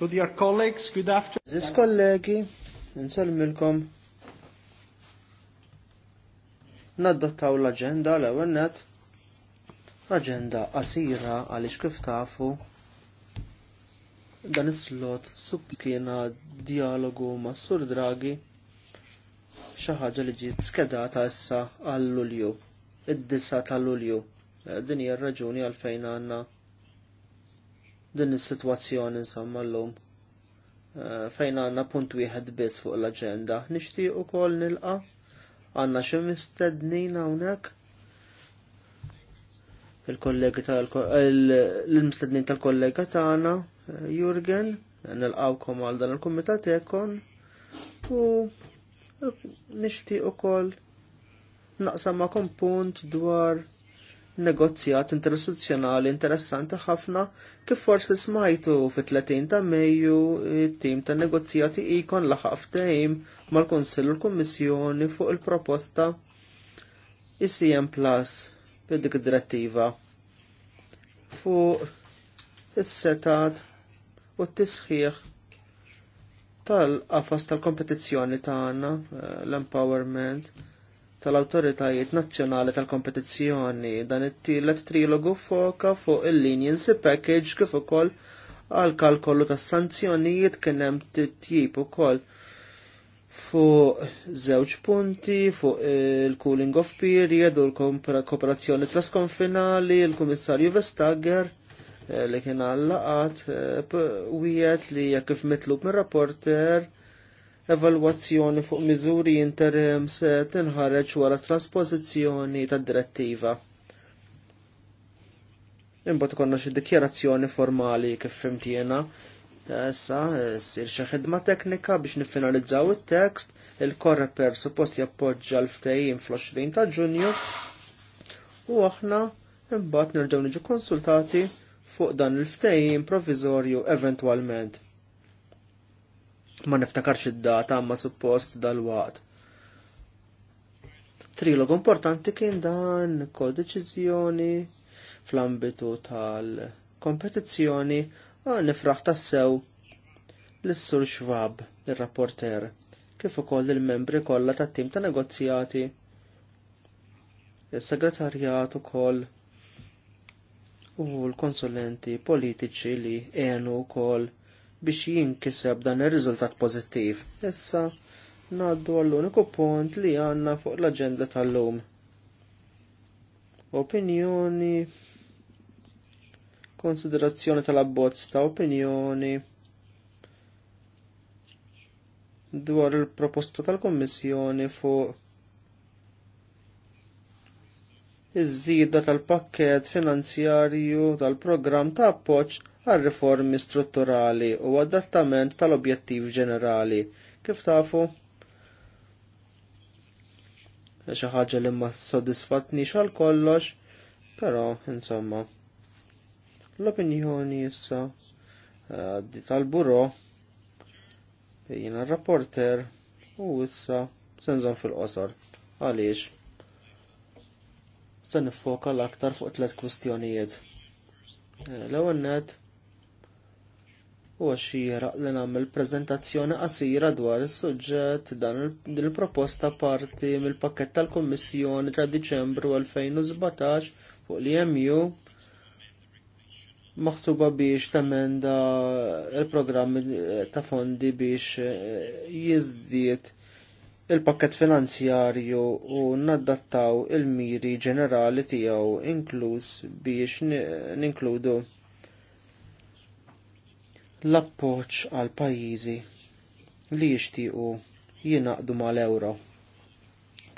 So dear colleagues, good afternoon. Zis kollegi, nsalmilkom. Naddottaw l-agenda l ewwel net. Agenda qasira għaliex kif tafu dan is-slot sub dialogu ma' Sur Draghi Xaħġa ħaġa li ġiet skedata issa għall Lulju, id-disa tal Lulju. Din hija r-raġuni għalfejn għandna din is-sitwazzjoni insomma llum eh, fejn għandna punt wieħed biss fuq l-aġenda. Nixtieq ukoll nilqa' għandna xi mistednin hawnhekk il-kollegi l-mistednin tal-kollega tagħna eh, Jurgen nilqawkom għal dan il-kumitat ekon u nixtieq ukoll naqsam ma' punt dwar negozjat interistituzzjonali interessanti ħafna kif forsi smajtu fit-30 ta' Mejju it-tim ta' negozjati ikon laħaq ftehim mal-Kunsill u l-Kummissjoni fuq il-proposta ICM Plus dik id-direttiva fuq is-setat u t-tisħiħ tal-qafas tal-kompetizzjoni tagħna eh, l-empowerment tal-Awtoritajiet Nazzjonali tal-Kompetizzjoni dan it-tielet trilogu foka fuq il si package kif ukoll għal kalkollu tas sanzjonijiet kien hemm titjib ukoll fuq żewġ punti fuq il-cooling of period u l-kooperazzjoni trasconfinali, il-Kummissarju Vestager eh, li kien għallaqat eh, wieħed li jekk kif mitlub mir-rapporter evalwazzjoni fuq miżuri interim se tinħareġ wara trasposizzjoni tad direttiva. Imbagħad konna xi dikjarazzjoni formali kif fimtiena. Issa ssir xi ħidma teknika biex niffinalizzaw it-tekst, il-korreper suppost jappoġġa l-ftehim fl-20 ta' Ġunju u aħna imbagħad nerġgħu niġu konsultati fuq dan il-ftehim provizorju eventwalment ma niftakarx id-data ma suppost dal-waqt. Trilog importanti kien dan kodeċizjoni fl-ambitu tal-kompetizzjoni nifraħ tassew l-Sur Schwab, il-rapporter, kif ukoll il-membri kollha tat-tim ta' negozjati. Il-segretarjat ukoll u l-konsulenti politiċi li għenu ukoll biex jinkiseb dan ir-riżultat pożittiv. Issa ngħaddu għall-uniku punt li għandna fuq l-aġenda tal-lum. Opinjoni konsiderazzjoni tal-abbozz ta' opinjoni dwar il-proposta tal-Kommissjoni fuq iż-żieda tal-pakket finanzjarju tal-programm ta' appoġġ għal riformi strutturali u adattament tal-objettiv ġenerali. Kif tafu? Xi ħaġa li ma sodisfatnix għal kollox, però insomma. L-opinjoni issa di eh, tal-buro jiena rapporter u issa senżon fil-qosor. Għaliex? Se nifoka l-aktar fuq tliet kwistjonijiet. Eh, l-ewwel nett? u xira li nagħmel prezentazzjoni qasira dwar is-suġġett dan il-proposta parti mill-pakket tal-Kummissjoni ta' Diċembru 2017 fuq l-EMU maħsuba biex tamenda il-programm ta' fondi biex eh, jizdiet il-pakket finanzjarju u naddattaw il-miri ġenerali tiegħu inkluż biex ninkludu l-appoċ għal pajjiżi li jixtiequ jinaqdu mal-euro.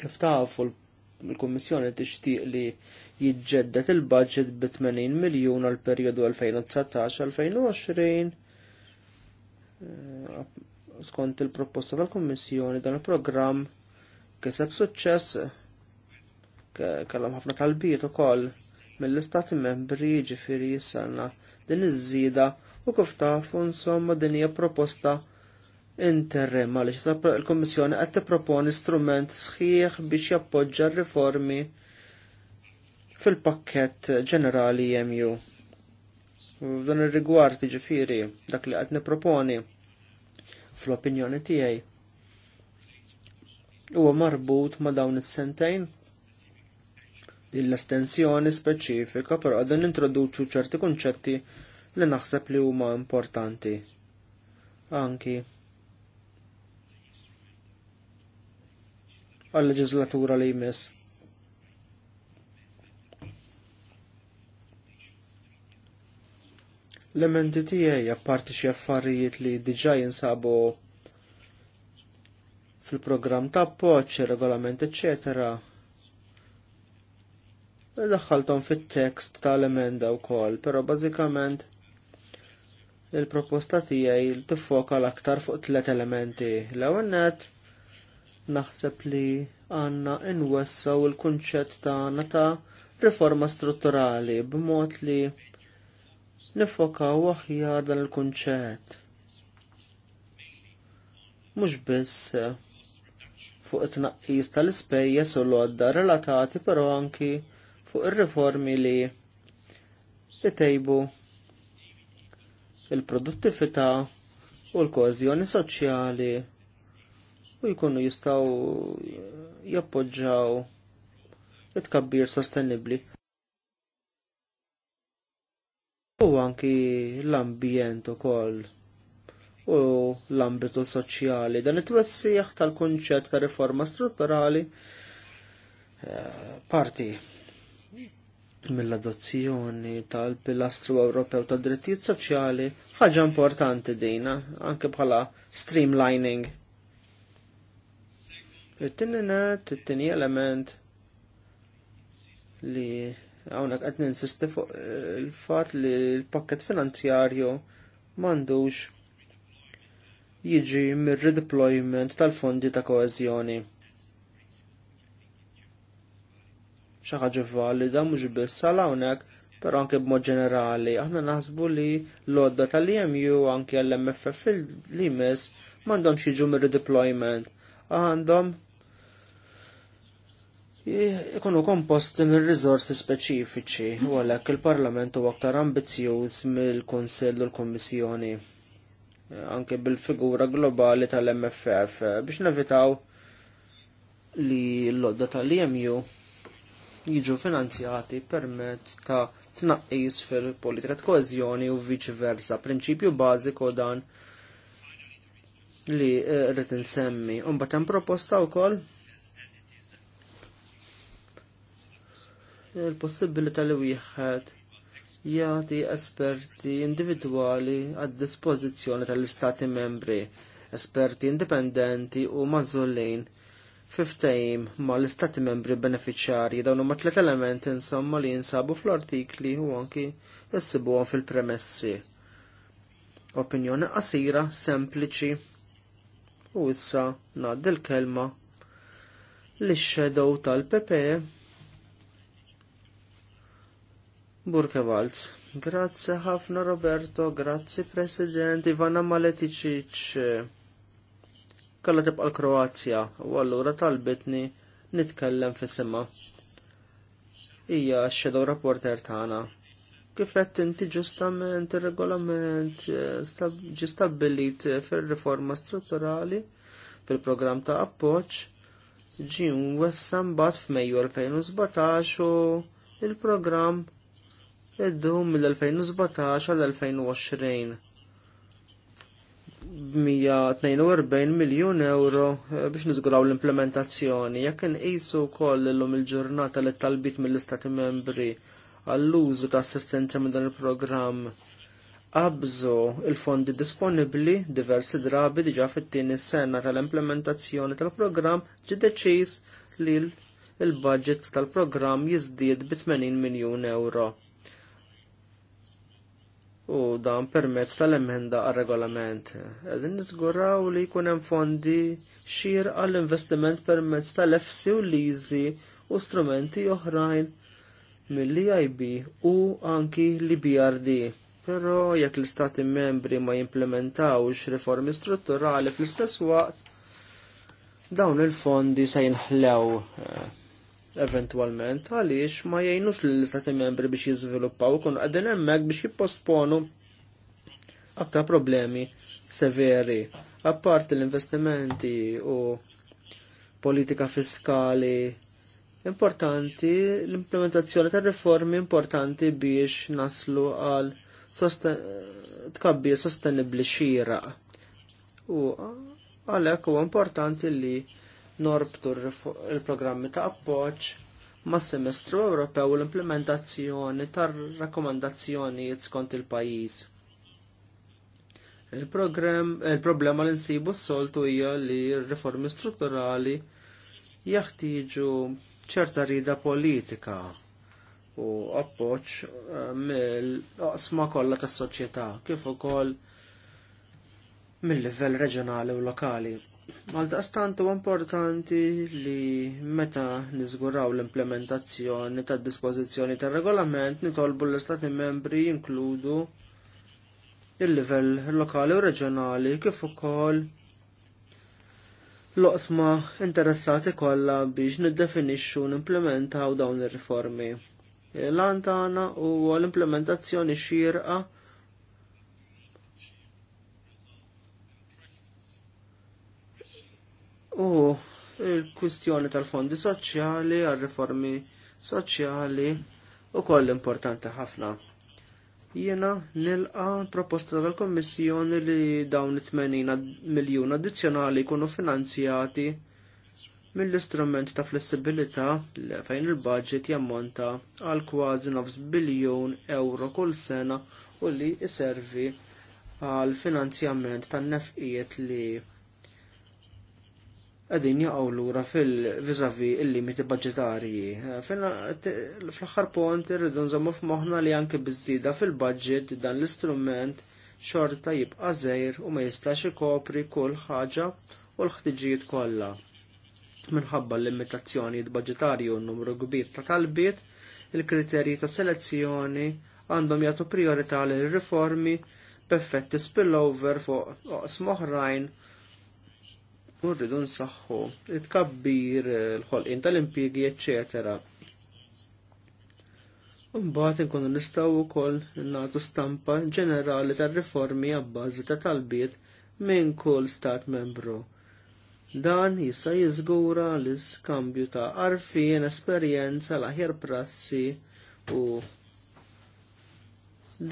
Kif tafu l-Kummissjoni tixtieq li jiġġeddet il-budget bi 80 miljun għal perjodu 2019-2020 skont il-proposta tal-Kummissjoni dan il-programm kiseb suċċess kellhom ħafna talbiet ukoll mill-istati membri ġifieri jissanna din iż-żieda u kif tafu insomma din hija proposta interim għaliex il-Kommissjoni qed tipproponi strument sħiħ biex jappoġġa r-riformi fil-pakkett ġenerali jemju. F'dan ir-rigward jiġifieri dak li qed nipproponi fl-opinjoni tiegħi huwa marbut ma' dawn is-sentejn l-estensjoni speċifika però qegħdin introduċu ċerti kunċetti li naħseb li huma importanti. Anki għal-leġislatura li jmiss. L-emendi tiegħi apparti xi affarijiet li diġà jinsabu fil-programm ta' appoġġ, regolament, eċetera. Daħħaltom fit-tekst l emenda kol, però bażikament il-proposta tiegħi tiffoka l-aktar fuq tliet elementi. L-ewwel naħseb li għandna inwessaw il-kunċett tagħna ta' riforma strutturali b'mod li nifokaw aħjar dan il-kunċett. Mhux biss fuq it-tnaqqis tal-ispejjeż u l-għodda relatati però anki fuq ir-riformi li tejbu il-produttività u l kozjoni soċjali u jkunu jistaw jappoġġaw it-kabbir sostenibli. U anki l-ambjent ukoll u l-ambitu soċjali. Dan it-twessieħ tal-kunċett ta' riforma strutturali eh, parti mill-adozzjoni tal-pilastru Ewropew tad drittijiet soċjali ħaġa importanti dina, anke bħala streamlining. It-tini net, it-tini element li għawnek għed ninsisti fuq eh, il-fat li l-pakket finanzjarju mandux jiġi mir-redeployment tal-fondi ta' koezjoni. xi ħaġa valida mhux biss sal hawnhekk, però anke b'mod ġenerali aħna naħsbu li l-odda tal-EMU anke l-MFF l limes m'għandhomx jiġu mir-redeployment. Għandhom ikunu komposti minn riżorsi speċifiċi u għalhekk il-Parlament huwa aktar ambizzjuż mill-Kunsill u l-Kummissjoni anke bil-figura globali tal-MFF biex nevitaw li l-lodda tal-EMU jiġu finanzjati permezz ta' tnaqqis fil-politika ta' u viċi versa. Prinċipju bażiku dan li eh, rrid insemmi. mbagħad hemm proposta wkoll il-possibilità li wieħed jagħti esperti individwali għad dispożizzjoni tal-istati membri, esperti indipendenti u mażollin fiftajim ma l-istati membri beneficjari dawn huma tliet elementi insomma li jinsabu fl-artikli u anki jissibuhom fil-premessi. Opinjoni qasira, sempliċi u issa ngħaddi l-kelma li shadow tal e, Burke Burkevalz. Grazzi ħafna Roberto, grazzi President Ivana Maleticic kalla tibqa l-Kroazja u allura talbitni nitkellem fis-sema. Hija x-shadow rapporter tagħna. Kif qed inti ġustament ir-regolament eh, ġi stabbilit eh, fir-riforma strutturali fil-programm ta' appoġġ ġi wessam bat f'Mejju 2017 u il-programm dum mill-2017 għal 2020. 142 miljon euro eh, biex nizguraw l-implementazzjoni. Jekk inqisu wkoll illum il-ġurnata li talbit mill-Istati membri għall-użu ta' assistenza minn dan il-programm qabżu il-fondi disponibbli diversi drabi diġa fit-tieni sena tal-implementazzjoni tal-programm ġi deċiż li l-budget tal-programm jiżdied bi 80 miljun euro u dan permezz tal-emenda għal regolament Għedin nizguraw li jkun hemm fondi xir għall-investiment permezz tal fc u liżi u strumenti oħrajn mill-EIB u anki l-BRD. Però jekk l-istati membri ma jimplementawx riformi strutturali fl-istess waqt, dawn il-fondi se jinħlew eventualment, għaliex ma jgħinux l-istati membri biex jizviluppaw, kun għadden emmek biex jipposponu aktar problemi severi. Apparti l-investimenti u politika fiskali importanti, l-implementazzjoni ta' riformi importanti biex naslu għal tkabbir sostenibli xira. U għalek u importanti li norbtu il-programmi ta' appoġġ mas semestru Ewropew u l-implementazzjoni tar rakkomandazzjonijiet skont il-pajjiż. Il-problema li nsibu s-soltu hija li r-riformi strutturali jaħtiġu ċerta rida politika u appoġġ eh, mill-oqsma kollha tas-soċjetà kif ukoll mill-livell reġjonali u lokali. Għaldaqstant u importanti li meta niżguraw l-implementazzjoni tad dispożizzjoni tar regolament nitolbu l-Istati membri jinkludu il-livell lokali u reġjonali kif ukoll l-oqsma interessati kollha biex niddefinixxu nimplementaw dawn ir-riformi. L-antana huwa l-implementazzjoni xierqa u il-kwistjoni tal-fondi soċjali, għal-reformi soċjali u koll importanti ħafna. Jena nilqa proposta tal-Kommissjoni li dawn 80 miljun addizzjonali jkunu finanzjati mill-istrument ta' flessibilità li fejn il-budget jammonta għal kważi 9 biljun euro kull sena u li iservi għal finanzjament tan nefqiet li għadin jaqgħu lura fil-vizavi il-limiti Fina Fl-aħħar punt irridu nżommu f'moħħna li anke bizzida fil-budget dan l-istrument xorta jibqa' żejr u ma jistax ikopri kull ħaġa u l-ħtiġijiet kollha. Minħabba l-limitazzjoni budgetari u n-numru kbir ta' talbiet, il-kriterji ta' selezzjoni għandhom jagħtu prijorità lil riformi b'effetti spillover fuq oqs moħrajn nurridu nsaħħu it-kabbir l-ħolqin tal-impjegi, eccetera. nkunu inkunu nistgħu wkoll natu stampa ġenerali tar-riformi għabbażi ta' talbiet minn kull stat membru. Dan jista' jiżgura l-iskambju ta' arfien, esperjenza, l-aħjar prassi u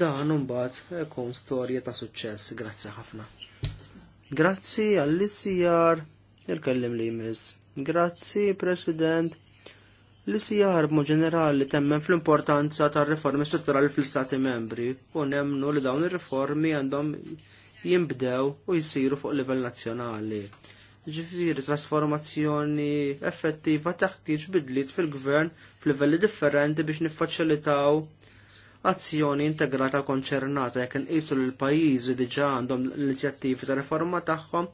dan umbaħt ikun storja ta' suċċess. Grazzi ħafna. Grazzi għall isijar jirkellim li jmiss. Grazzi, President. L-ICR b'mod ġenerali temmen fl-importanza tar riformi strutturali fl-Stati membri u nemnu li dawn ir-riformi għandhom jimbdew u jisiru fuq livell nazzjonali. Ġifiri trasformazzjoni effettiva taħtieġ bidliet fil-gvern f'livelli differenti biex niffaċilitaw azzjoni integrata konċernata jekk inqisu l pajjiżi diġà għandhom l-inizjattivi ta' riforma tagħhom,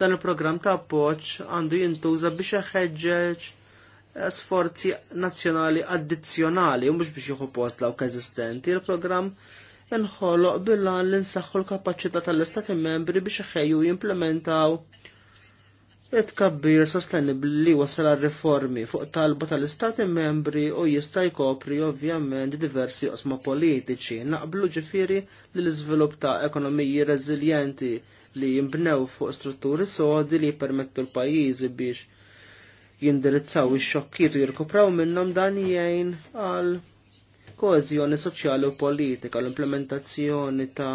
dan il-programm ta' appoġġ għandu jintuża biex iħeġġeġ sforzi nazzjonali addizzjonali u mhux biex jieħu post dawk eżistenti. Il-programm inħoloq billa l-insaħħu l-kapaċità tal-istati membri biex iħejju jimplementaw it-kabbir sostenibli li wasal għal-reformi fuq talba tal-istati membri u jista' jkopri ovvjament diversi osma politiċi naqblu ġifiri li l-iżvilupp ta' ekonomiji reżiljenti li jimbnew fuq strutturi sodi li permettu l-pajjiżi biex jindirizzaw ix-xokkiet u jirkupraw minnhom dan jgħin għal koeżjoni soċjali u politika l-implementazzjoni ta'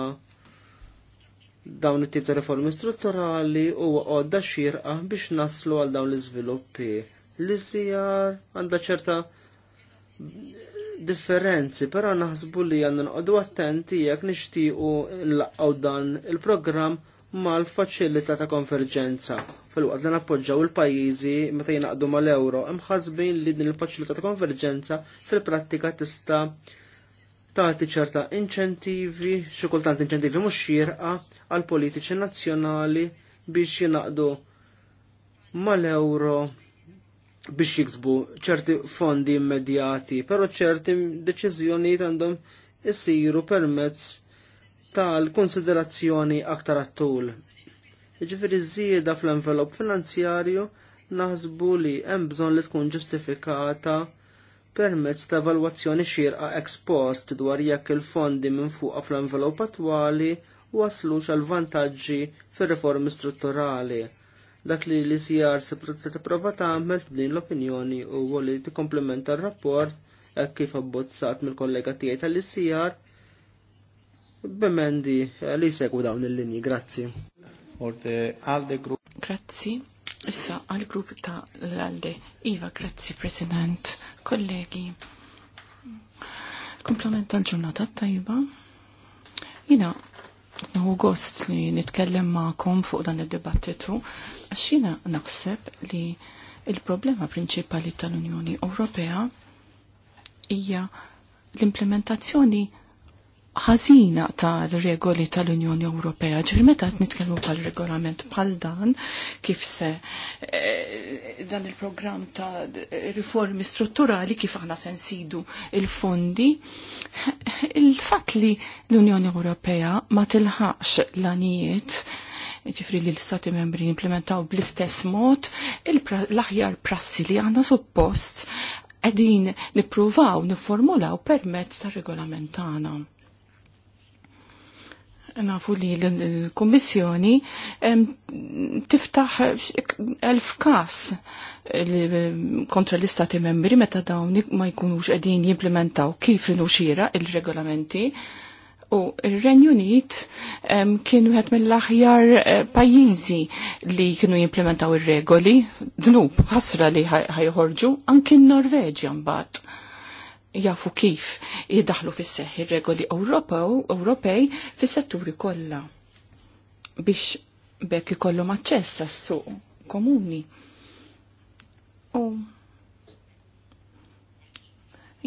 dawn it-tip ta' reformi strutturali huwa għodda xirqa biex naslu għal dawn l-iżviluppi. L-ISR għandha ċerta differenzi, però naħsbu li għandna nqodu attenti jekk nixtiequ nlaqgħu dan il-programm mal-faċilità ta' konverġenza fil-waqt li nappoġġaw il-pajjiżi meta jinaqdu mal-euro imħasbin li din il-faċilità ta' konverġenza fil-prattika tista' tagħti ċerta inċentivi, xi kultant inċentivi mhux xierqa għal politiċi nazzjonali biex jinaqdu mal-euro biex jiksbu ċerti fondi immedjati, però ċerti deċiżjonijiet għandhom isiru permezz tal-konsiderazzjoni aktar għattul. Ġifiri żieda fl-envelop finanzjarju naħsbu li hemm bżonn li tkun ġustifikata permezz ta' valwazzjoni xirqa ex post dwar jekk il-fondi minn fuq fl-envelop attwali waslux għal vantaġġi fir-riformi strutturali. Dak li li sijar se se tipprova tagħmel din l-opinjoni u li tikkomplementa r-rapport hekk kif abbozzat mill-kollega tiegħi tal-ISR b'emendi li jsegwu dawn il-linji. Grazzi. Grazzi. Issa għal-grupp ta' l-Alde. Iva, grazzi, President, kollegi. Komplement għal ġurnata tajba. Jina, u gost li nitkellem ma'kom fuq dan il-dibattitu, għaxina naħseb li il-problema prinċipali tal-Unjoni Ewropea hija l-implementazzjoni ħażina tal-regoli tal-Unjoni Ewropea. ġifri meta qed nitkellmu bħal regolament bħal dan kif se eh, dan il-programm ta' riformi strutturali kif aħna se nsidu il-fondi, il-fatt li l-Unjoni Ewropea ma tilħaqx l-anijiet ġifri li l-stati membri implementaw bl-istess mod l-aħjar prassi li għanna suppost għedin nipruvaw, niformulaw permezz ta' regolamentana nafu li l-Kommissjoni tiftaħ elf kas kontra l-istati membri meta dawn ma jkunux qegħdin jimplementaw kif inuxira il-regolamenti u il renju Unit kienu għet mill-aħjar eh, pajjiżi li kienu jimplementaw ir-regoli, dnub ħasra li ħajħorġu anki n-Norveġja mbagħad jafu kif jidaħlu fis seħħ ir-regoli Ewropej fis-setturi kollha biex bekk ikollhom aċċess għas-suq komuni. U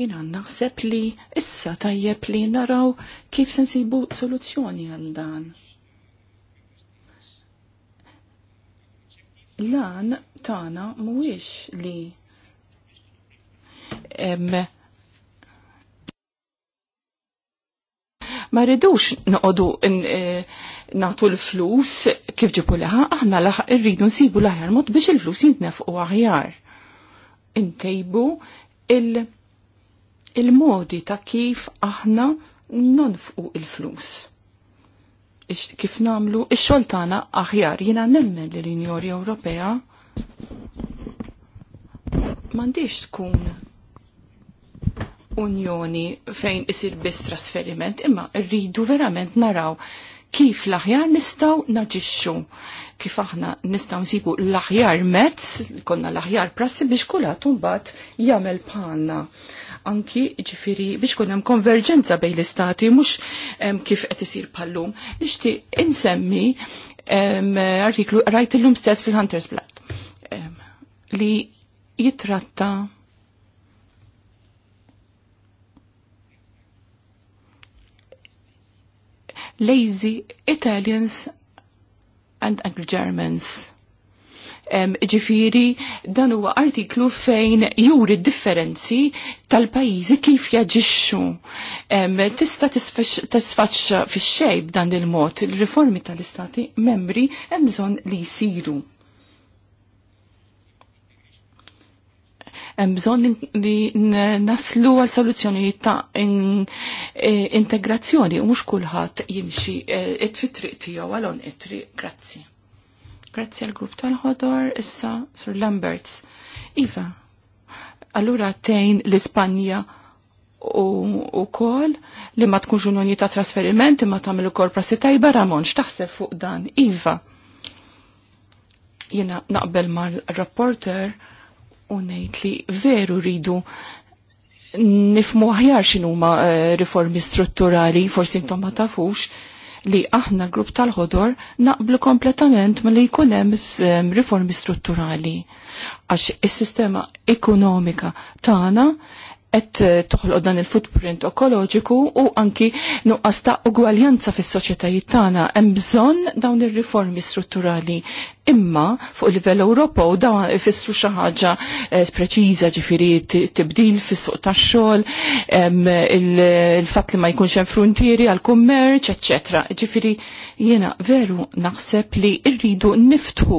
jina naħseb li issa tajjeb li naraw kif se nsibu soluzzjoni għal dan. Lan tana mhuwiex li Ma rridux noqogħdu e, nagħtu l-flus kif ġipu leħa, aħna laħ irridu nsibu l-aħjar mod biex il-flus jintnefqu aħjar. Intejbu il-modi ta' kif aħna nonfqu il-flus. Kif namlu ix-xogħol tagħna aħjar jiena nemmen li l-Unjoni Ewropea m'għandix tkun unjoni fejn isir biss trasferiment, imma rridu verament naraw kif l-aħjar nistaw naġixxu, kif aħna nistaw nsibu l-aħjar mezz, konna l-aħjar prassi biex kulat mbagħad jagħmel bħalna. Anki ġifiri biex kunem konverġenza bejn l-istati mhux kif qed isir bħallum. Nixtieq insemmi artiklu rajt illum stess fil-Hunters Blood li jitratta lazy Italians and Anglo Germans. Um, ġifiri, dan huwa artiklu fejn juri differenzi tal-pajizi kif jaġixxu. Um, tista tisfaċċa fix-xejb dan il-mod il-riformi tal-istati membri hemm bżonn li jsiru. bżon li naslu għal soluzzjoni ta' e, integrazzjoni u mux kullħat jimxi e, it fitri tijaw għalon it-triq. Grazzi. Grazzi għal grupp tal-ħodor, issa Sir Lamberts. Iva, allura tejn l-Ispanja u, kol li ma tkunx unjoni ta' trasferiment ma tagħmel ukoll prassi tajba Ramon x'taħseb fuq dan. Iva. Jiena naqbel mal-rapporter unajt li veru rridu nifmu ħjar xinuma eh, riformi strutturali, forsi intom ma tafux, li aħna grupp tal-ħodor naqblu kompletament ma li jkunem eh, riformi strutturali. Għax is-sistema ekonomika tagħna qed eh, toħloq dan il-footprint ekoloġiku u anki nuqqas ta' ugwaljanza fis-soċjetajiet tagħna hemm bżonn dawn ir-riformi strutturali. Imma fuq il Ewropa u dawn ifissru xi ħaġa eh, preċiża ġifieri tibdil fis-suq tax-xogħol, il-fatt li ma jkunx hemm frontieri għal kummerċ, eċċetera. Ġifieri jiena veru naħseb li rridu niftħu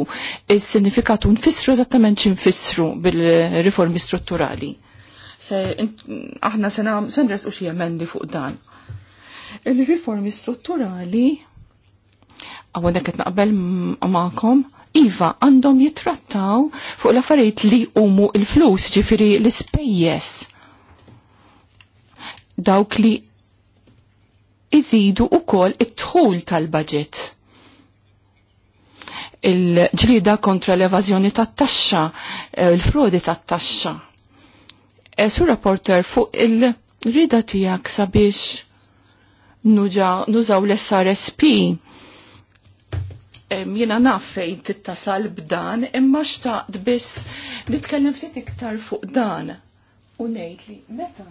is-sinifikat u nfissru eżattament x'infissru bil-riformi strutturali se aħna se sendres u xi emendi fuq dan. Il-riformi strutturali għawdek qed naqbel ma'kom Iva għandhom jitrattaw fuq l-affarijiet li umu il-flus ġifiri l-spejjes. Dawk li iżidu u kol it-tħul tal-budget. Il-ġlida kontra l-evazjoni tat-taxxa, eh, il-frodi tat-taxxa Eh, sur rapporter fuq il-rida tijak sabiex nużaw l-SRSP. Jena naf fejn tittasal b'dan, imma xtaqt biss nitkellem ftit iktar fuq dan. U ngħid li meta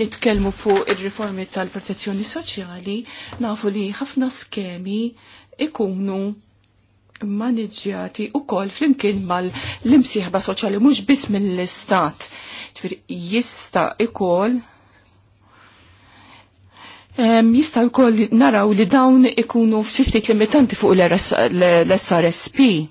nitkellmu fuq ir-riformi tal-protezzjoni soċjali, nafu li ħafna skemi ikunu maniġjati u kol flimkien mal-imsieħba soċjali mhux biss mill-istat. Ġifieri jista' ikoll jista' wkoll naraw li dawn ikunu ftit limitanti fuq l-SRSP.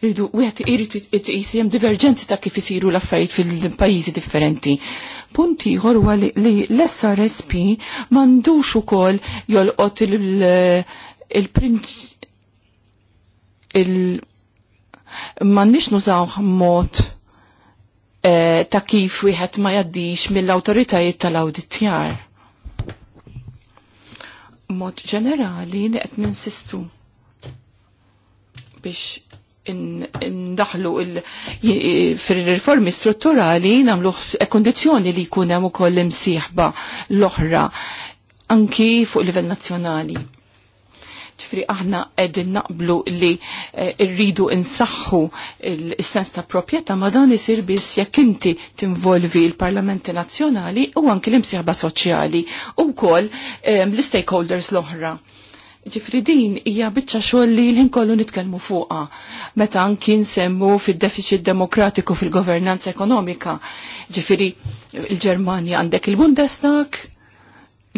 rridu wieħed irid itqis hemm diverġenzi ta' kif isiru l-affarijiet fil-pajjiżi differenti. Punt ieħor huwa li l-SRSP m'għandux ukoll jolqot il- m'għandniex nużaw mod eh, ta' kif wieħed ma jaddix mill-awtoritajiet tal-awditjar. Mod ġenerali li qed ninsistu biex indaħlu fil-reformi strutturali namlu e kondizjoni li jkun hemm ukoll imsieħba l-oħra anki fuq livell nazzjonali. Ġifri aħna qegħdin naqblu li e, rridu insaħħu l sens ta' proprjetà ma dan isir biss jekk inti tinvolvi l-Parlamenti Nazzjonali u anki l-imsieħba soċjali u wkoll l-stakeholders l-oħra Ġifri din hija biċċa xogħol li l-ħin kollu nitkellmu fuqha. Meta anki nsemmu fid-deficit demokratiku fil-governanza ekonomika. Ġifri il-Ġermanja għandek il-Bundestag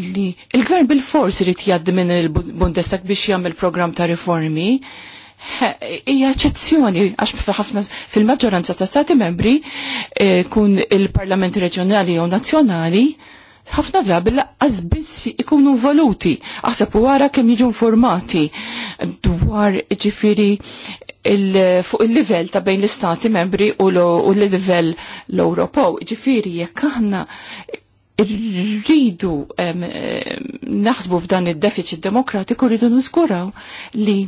li il-gvern bil-fors irid jgħaddi minn il-Bundestag biex jagħmel programm ta' riformi. Hija eċezzjoni għax ħafna fil-maġġoranza ta' stati membri eh, kun il-parlamenti reġjonali jew nazzjonali ħafna drabi laqqas biss ikunu valuti, għasab wara kemm jiġu informati dwar ġifiri il fuq il-livell ta' bejn l-istati membri u l-livell l-Ewropew. Ġifiri jekk aħna rridu naħsbu f'dan id-deficit demokratiku rridu niżguraw li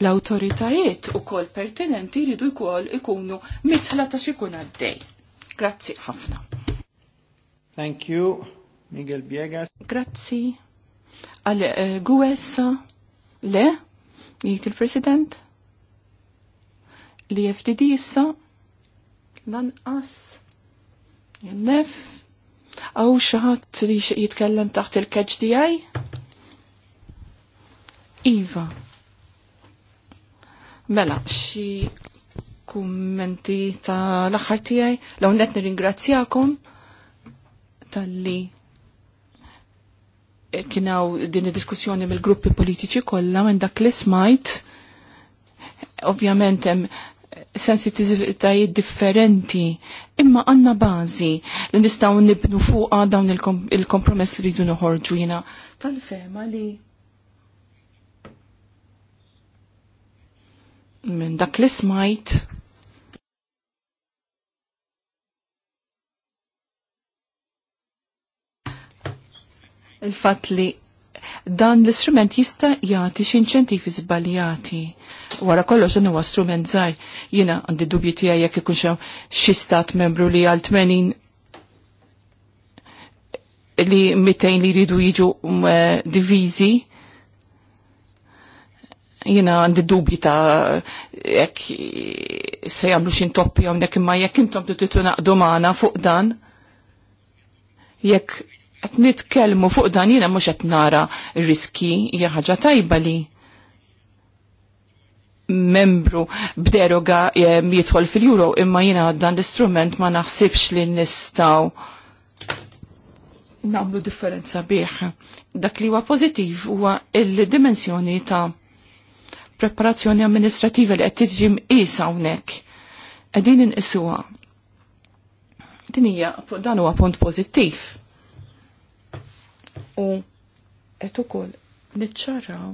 l-autoritajiet u kol pertinenti rridu jkoll ikunu mitħla ta' xikun għaddej. Grazzi ħafna. Thank you, Miguel Biegas. Grazzi. Għal eh, Gues, le, jgħid il-President, li FDD issa, lanqas, jennef, għaw xaħat li jitkellem taħt il-keġ DI. Iva. Mela, xi kummenti ta' l-axħar tiegħi, l net nirringrazzjakom tal-li kienaw din diskussjoni mill-gruppi politiċi kollha minn dak li smajt. Ovvjament hemm sensitivitajiet differenti, imma għanna bażi li nistgħu nibnu fuqha dawn il-kompromess li rridu noħorġu jiena tal-fema li minn dak li smajt il-fat li dan l-istrument jista jagħti xi inċentivi żbaljati. Wara kollox dan huwa strument żgħar. Jiena għandi dubji tiegħi jekk ikun xew xi stat membru li għal 80 li 200 li jridu jiġu mm, eh, diviżi. Jiena għandi dubji ta' jekk se jagħmlu xi intoppi hawnhekk imma jekk intom titu naqdu magħna fuq dan jekk qed nitkellmu fuq dan jiena mhux qed nara riski hija ħaġa tajba li membru b'deroga eh, jidħol fil-euro imma jiena dan l-istrument ma naħsibx li nistgħu nagħmlu differenza bih. Dak li huwa pożittiv huwa il-dimensjoni ta' preparazzjoni amministrativa li qed tiġi mqisa hawnhekk. Qegħdin inqisuha. Din hija dan huwa punt pożittiv u qed ukoll niċċaraw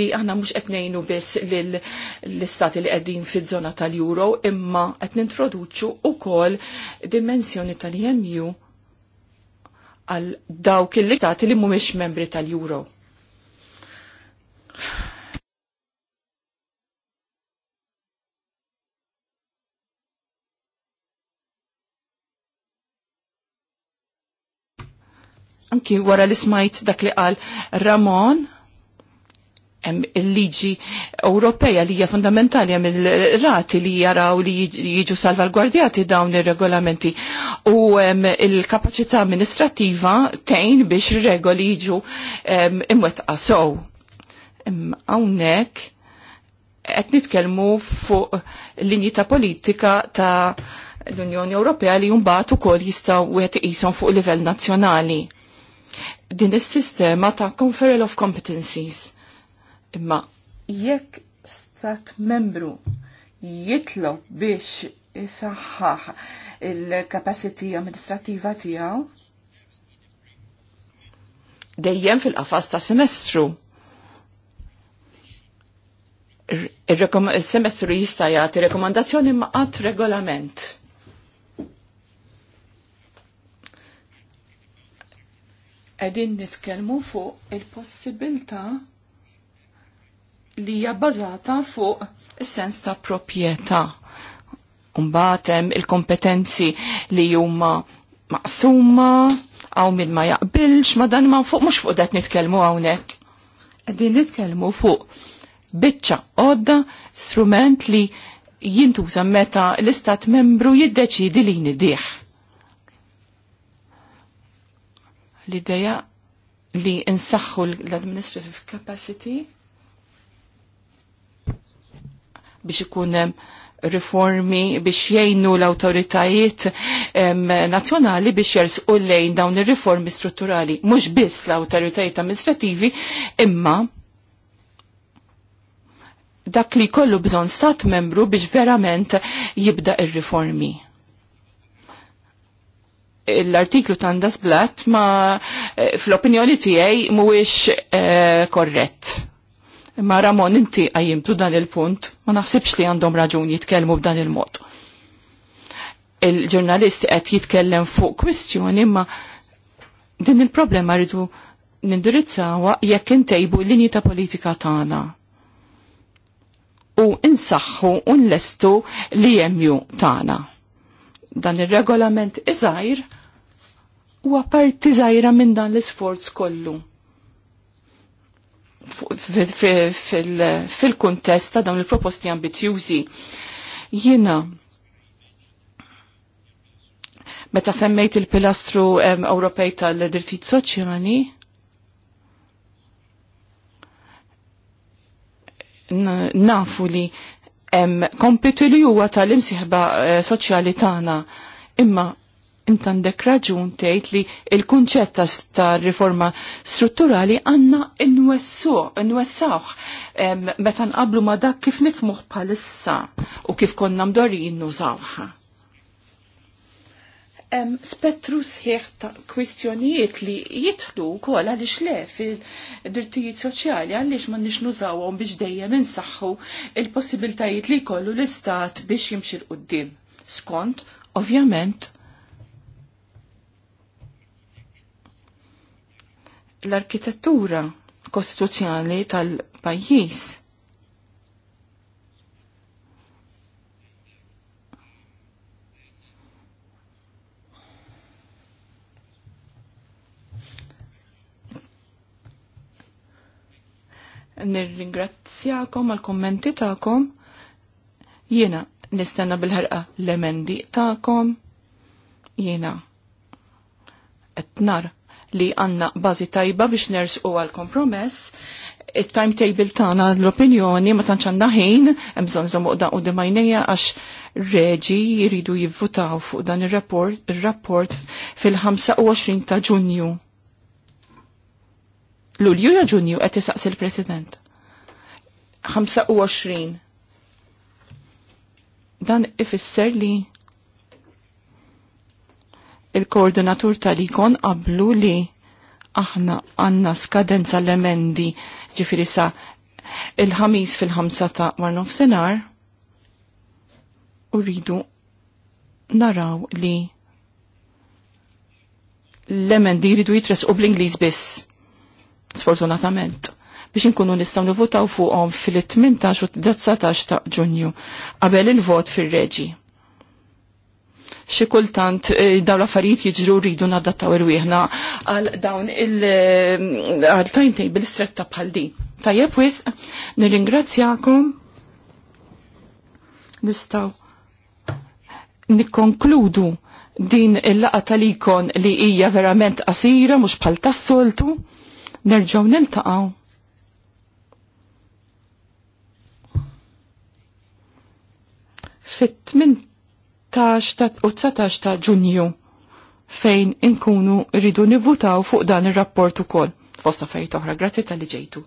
li aħna mhux qed ngħinu biss l-istati li qegħdin fiż-żona tal-Euro imma qed nintroduċu kol dimensjoni tal-EMU għal dawk l istati li mhumiex membri tal-Euro. anki wara li smajt dak li qal Ramon il-liġi Ewropeja li hija fundamentali hemm il-rati li jaraw li jiġu salvagwardjati dawn ir-regolamenti u il-kapaċità amministrattiva tejn biex regoli jiġu imwetqa sow. Hawnhekk qed nitkellmu fuq linji ta' politika ta' l-Unjoni Ewropea li mbagħad ukoll jistgħu wieħed iqishom fuq livell nazzjonali din is-sistema ta' conferral of competencies. Imma jekk stat membru jitlob biex isaħħaħ il-kapasiti amministrativa tiegħu dejjem fil-qafas ta' semestru. Il-semestru jista' jagħti rekomandazzjoni ma' regolament Edin nitkelmu fuq il-possibilta li hija bbażata fuq is-sens ta' proprjetà. Umbatem il-kompetenzi li huma maqsuma, għaw min ma jaqbilx, ma dan ma fuq mux fuq dat nitkelmu għawnek. Għedin nitkelmu fuq bitċa għodda strument li jintuża meta l-istat membru jiddeċidi li nidieħ. l-ideja li insaxħu l-administrative capacity biex ikun riformi biex jgħinu l-autoritajiet nazzjonali biex jersqu lejn dawn ir-riformi strutturali, mhux biss l-autoritajiet amministrativi, imma dak li kollu bżon stat membru biex verament jibda ir-riformi l-artiklu ta' Andas Blatt ma eh, fl-opinjoni tiegħi mhuwiex eh, korrett. Ma Ramon inti għajimtu dan il-punt, ma naħsibx li għandhom raġun jitkellmu b'dan il-mod. Il-ġurnalisti qed jitkellem fuq kwistjoni ma din il-problema rridu nindirizzawa jekk intejbu l-linji ta' politika tagħna. U insaħħu u nlestu li emu tagħna dan ir-regolament iżgħir huwa parti żgħira minn dan l-isforz kollu. Fil-kuntest ta' dawn il-proposti ambizjużi jiena meta semmejt il-pilastru Ewropej tal-drittijiet soċjali nafu li kompitu li huwa tal-imsieħba eh, soċjali tagħna. Imma int raġun tgħid li l-kunċett ta' riforma strutturali għandna nwessawh meta nqablu ma' dak kif nifmuh bħalissa u kif konna mdorin nużawha um, spettru sħiħ ta' kwistjonijiet li jitħlu kol għalix le fil-drittijiet soċjali għalix ma nix nużawhom biex dejjem insaħħu il-possibiltajiet li kollu l-istat biex jimxil qoddim. Skont, ovvjament, l-arkitettura kostituzzjonali tal-pajjiż Nirringrazzjakom għal kommenti ta'kom. Jiena nistenna bil-ħarqa l-emendi ta'kom. Jena etnar li għanna bazi tajba biex nersqu għal kompromess. Il-timetable tana l-opinjoni ma tanċanna ħin, emżon zomu da u d-majnija għax reġi jiridu jivvutaw fuq dan il-rapport il rapport fil 25 ta' ġunju. Lulju ja ġunju qed isaqsi l-President. 25. Dan ifisser li il-koordinatur tal-ikon qablu li aħna għanna skadenza l-emendi ġifiri sa il-ħamis fil-ħamsa ta' warnof senar u rridu naraw li l-emendi rridu jitres u bl-Inglis biss sfortunatament biex inkunu nistgħu nivutaw fuqhom fil-18 u 19 ta' Ġunju qabel il-vot fir-reġi. Xi kultant eh, dawn l-affarijiet jiġru rridu nadattaw irwieħna għal dawn il-timetable eh, stretta bħal din. Tajjeb wis, nirringrazzjakom nistaw nikkonkludu din il-laqa talikon li hija verament qasira mhux bħal tas-soltu nerġaw nintaqaw. fit min u tsatax ta' ġunju fejn inkunu rridu nivutaw fuq dan ir-rapport ukoll. Fossa fejt oħra, grazzi tal-li ġejtu.